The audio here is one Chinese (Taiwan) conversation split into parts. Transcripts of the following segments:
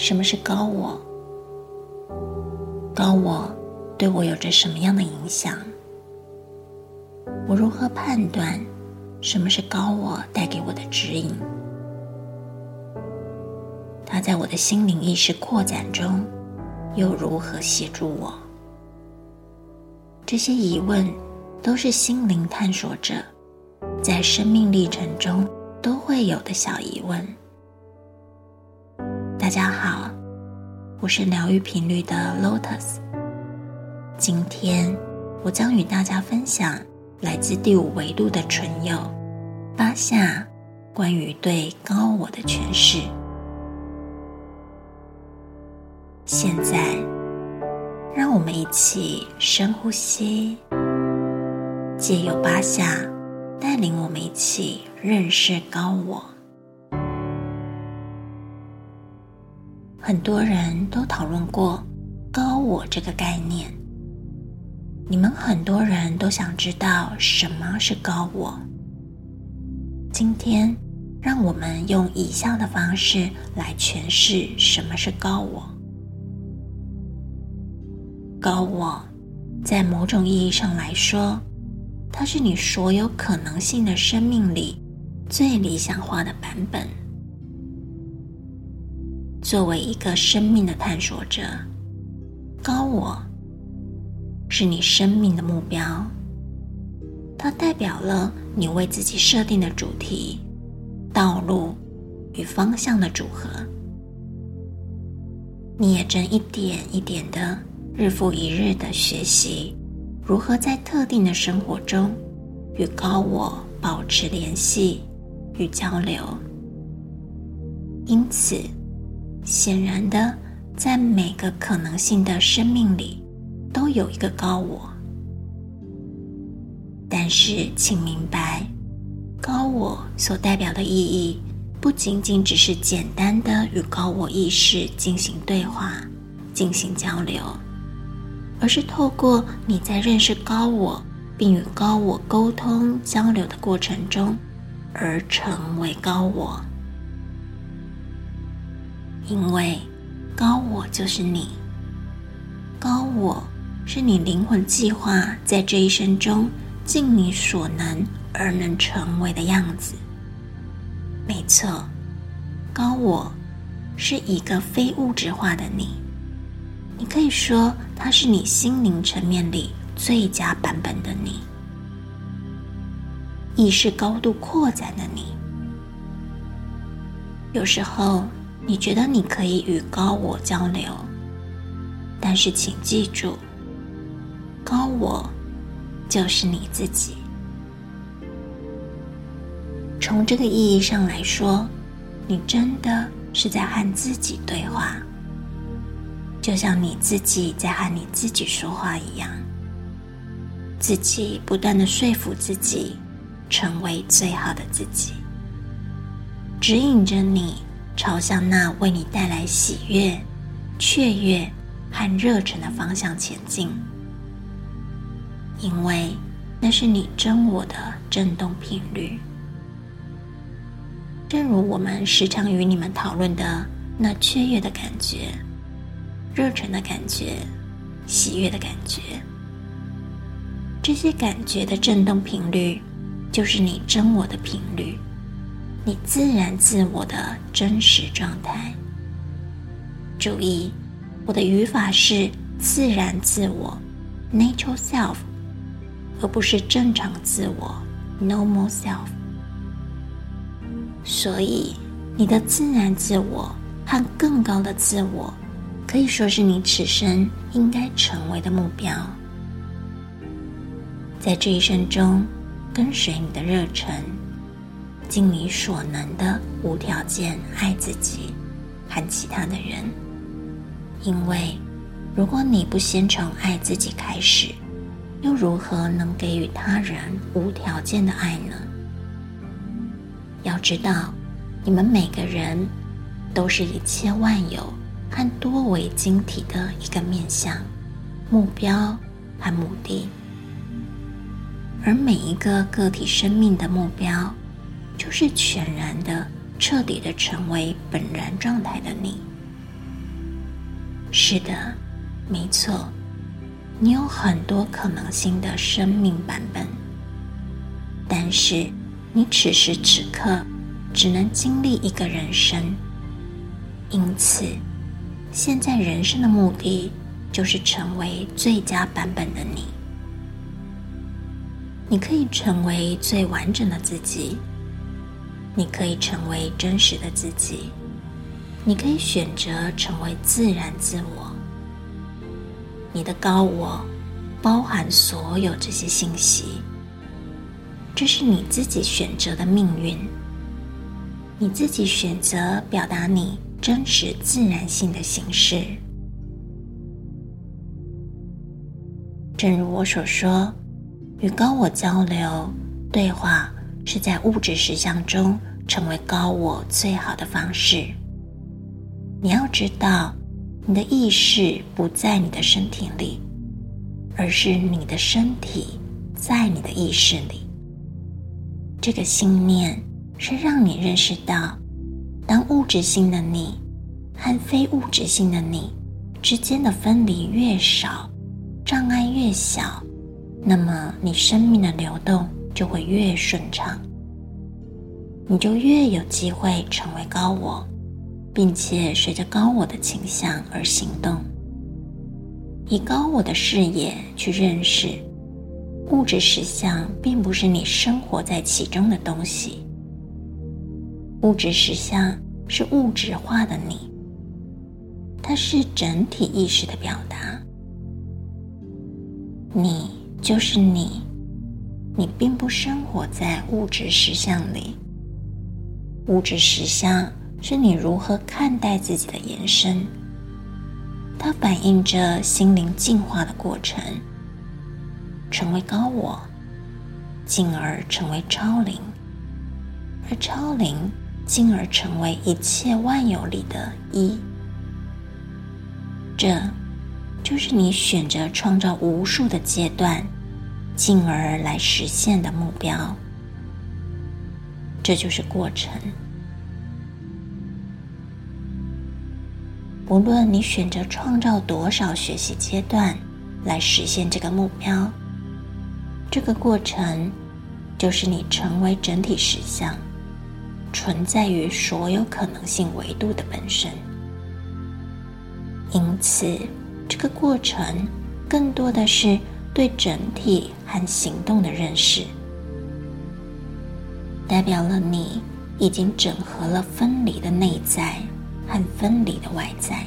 什麼是高我？高我對我有着什麼樣的影響？我如何判斷什麼是高我帶給我的指引？他在我的心靈意識擴展中又如何協助我？這些疑問都是心靈探索者在生命歷程中都會有的小疑問。大家好，我是療癒頻率的 Lotus。今天我將與大家分享來自第五維度的存有，巴夏關於對高我的詮釋。現在，讓我們一起深呼吸，借由巴夏帶領我們一起認識高我。很多人都討論過“高我”這個概念。你們很多人都想知道什麼是高我。今天，讓我們用以下的方式來詮釋什麼是高我。高我，在某種意義上來說，它是你所有可能性的生命裡最理想化的版本。作為一個生命的探索者，高我是你生命的目標。它代表了你為自己設定的主題、道路與方向的組合。你也正一點一點的日復一日的學習，如何在特定的生活中與高我保持聯繫與交流。因此。顯然的，在每個可能性的生命裡，都有一個高我。但是，請明白，高我所代表的意義，不僅僅只是簡單的與高我意識進行對話、進行交流，而是透過你在認識高我，並與高我溝通交流的過程中，而成為高我。因為，高我就是你。高我是你靈魂計劃在這一生中盡你所能而能成為的樣子。沒錯，高我是一個非物質化的你。你可以說它是你心靈層面裡最佳版本的你，意識高度擴展的你。有時候。你覺得你可以與高我交流，但是請記住，高我就是你自己。從這個意義上來說，你真的是在和自己對話，就像你自己在和你自己說話一樣，自己不斷的說服自己成為最好的自己，指引着你。朝向那為你帶來喜悅、雀躍和熱忱的方向前進，因為那是你真我的振動頻率。正如我們時常與你們討論的，那雀躍的感覺、熱忱的感覺、喜悅的感覺，這些感覺的振動頻率，就是你真我的頻率。你自然自我的真實狀態。注意，我的語法是自然自我 （natural self），而不是正常自我 （normal self）。所以，你的自然自我和更高的自我，可以說是你此生應該成為的目標。在這一生中，跟隨你的熱忱。盡你所能的無條件愛自己，和其他的人，因為如果你不先從愛自己開始，又如何能給予他人無條件的愛呢？要知道，你們每個人都是一切萬有和多維晶體的一個面向、目標和目的，而每一個個體生命的目標，就是全然的、徹底的成為本然狀態的你。是的，沒錯，你有很多可能性的生命版本，但是你此時此刻只能經歷一個人生。因此，現在人生的目的就是成為最佳版本的你。你可以成為最完整的自己。你可以成為真實的自己，你可以選擇成為自然自我。你的高我包含所有這些信息，這是你自己選擇的命運。你自己選擇表達你真實自然性的形式。正如我所說，與高我交流對話。是在物質實相中成為高我最好的方式。你要知道，你的意識不在你的身體裡，而是你的身體在你的意識裡。這個信念是讓你認識到，當物質性的你和非物質性的你之間的分離越少，障礙越小，那麼你生命的流動。就會越順暢，你就越有機會成為高我，並且隨着高我的傾向而行動，以高我的視野去認識物質實相，並不是你生活在其中的東西。物質實相是物質化的你，它是整體意識的表達，你就是你。你並不生活在物質實相裡，物質實相是你如何看待自己的延伸，它反映着心靈進化的過程，成為高我，進而成為超靈，而超靈進而成為一切萬有裡的“一”，這就是你選擇創造無數的階段。進而來實現的目標，這就是過程。無論你選擇創造多少學習階段來實現這個目標，這個過程就是你成為整體實相，存在於所有可能性維度的本身。因此，這個過程更多的是。對整體和行動的認識，代表了你已經整合了分離的內在和分離的外在。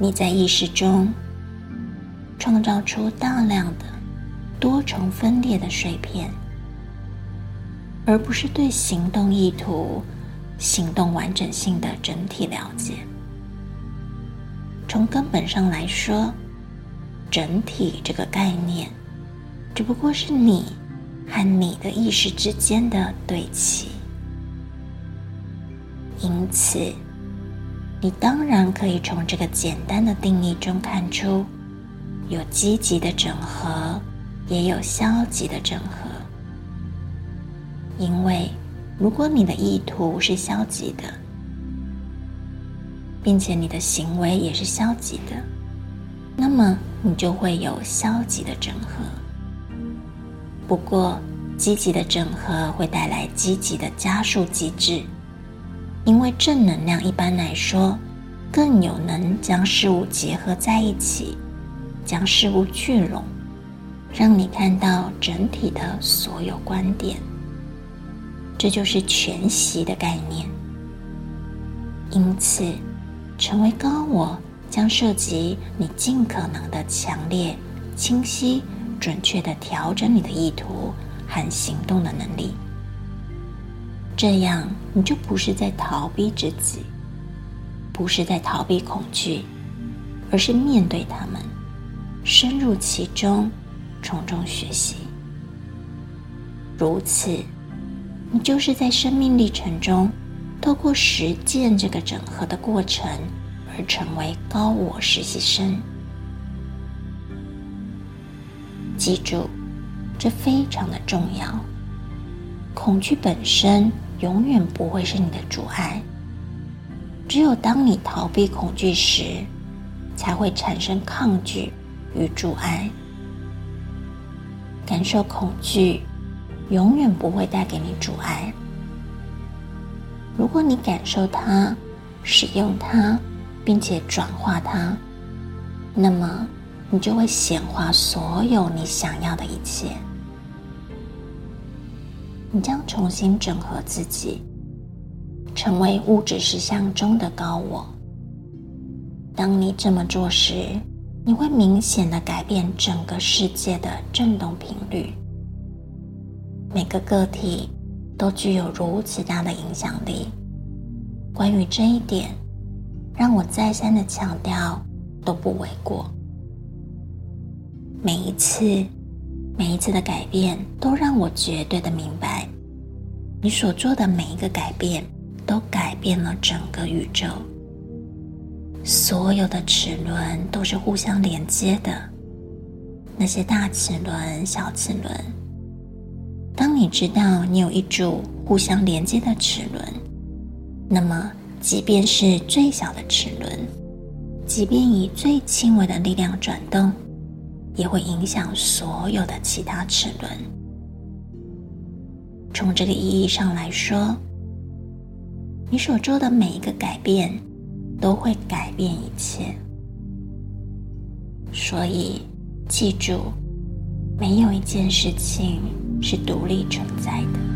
你在意識中創造出大量的多重分裂的碎片，而不是對行動意圖、行動完整性的整體了解。從根本上來說，整體這個概念，只不過是你和你的意識之間的對齊。因此，你當然可以從這個簡單的定義中看出，有積極的整合，也有消極的整合。因為，如果你的意圖是消極的，並且你的行為也是消極的，那麼你就會有消極的整合。不過，積極的整合會帶來積極的加速機制，因為正能量一般來說更有能將事物結合在一起，將事物聚攏，讓你看到整體的所有觀點。這就是全息的概念。因此。成為高我將涉及你盡可能的強烈、清晰、準確地調整你的意圖和行動的能力。這樣，你就不是在逃避自己，不是在逃避恐懼，而是面對他們，深入其中，從中學習。如此，你就是在生命歷程中。透過實踐這個整合的過程，而成為高我實習生。記住，這非常的重要。恐懼本身永遠不會是你的阻礙。只有當你逃避恐懼時，才會產生抗拒與阻礙。感受恐懼，永遠不會帶給你阻礙。如果你感受它，使用它，並且轉化它，那麼你就會顯化所有你想要的一切。你將重新整合自己，成為物質實相中的高我。當你這麼做時，你會明顯地改變整個世界的振動頻率。每個個體。都具有如此大的影響力。關於這一點，讓我再三的強調都不為過。每一次，每一次的改變，都讓我絕對的明白，你所做的每一個改變，都改變了整個宇宙。所有的齒輪都是互相連接的，那些大齒輪、小齒輪。當你知道你有一組互相連接的齒輪，那麼即便是最小的齒輪，即便以最輕微的力量轉動，也會影響所有的其他齒輪。從這個意義上來說，你所做的每一個改變都會改變一切。所以，記住，沒有一件事情是獨立存在的。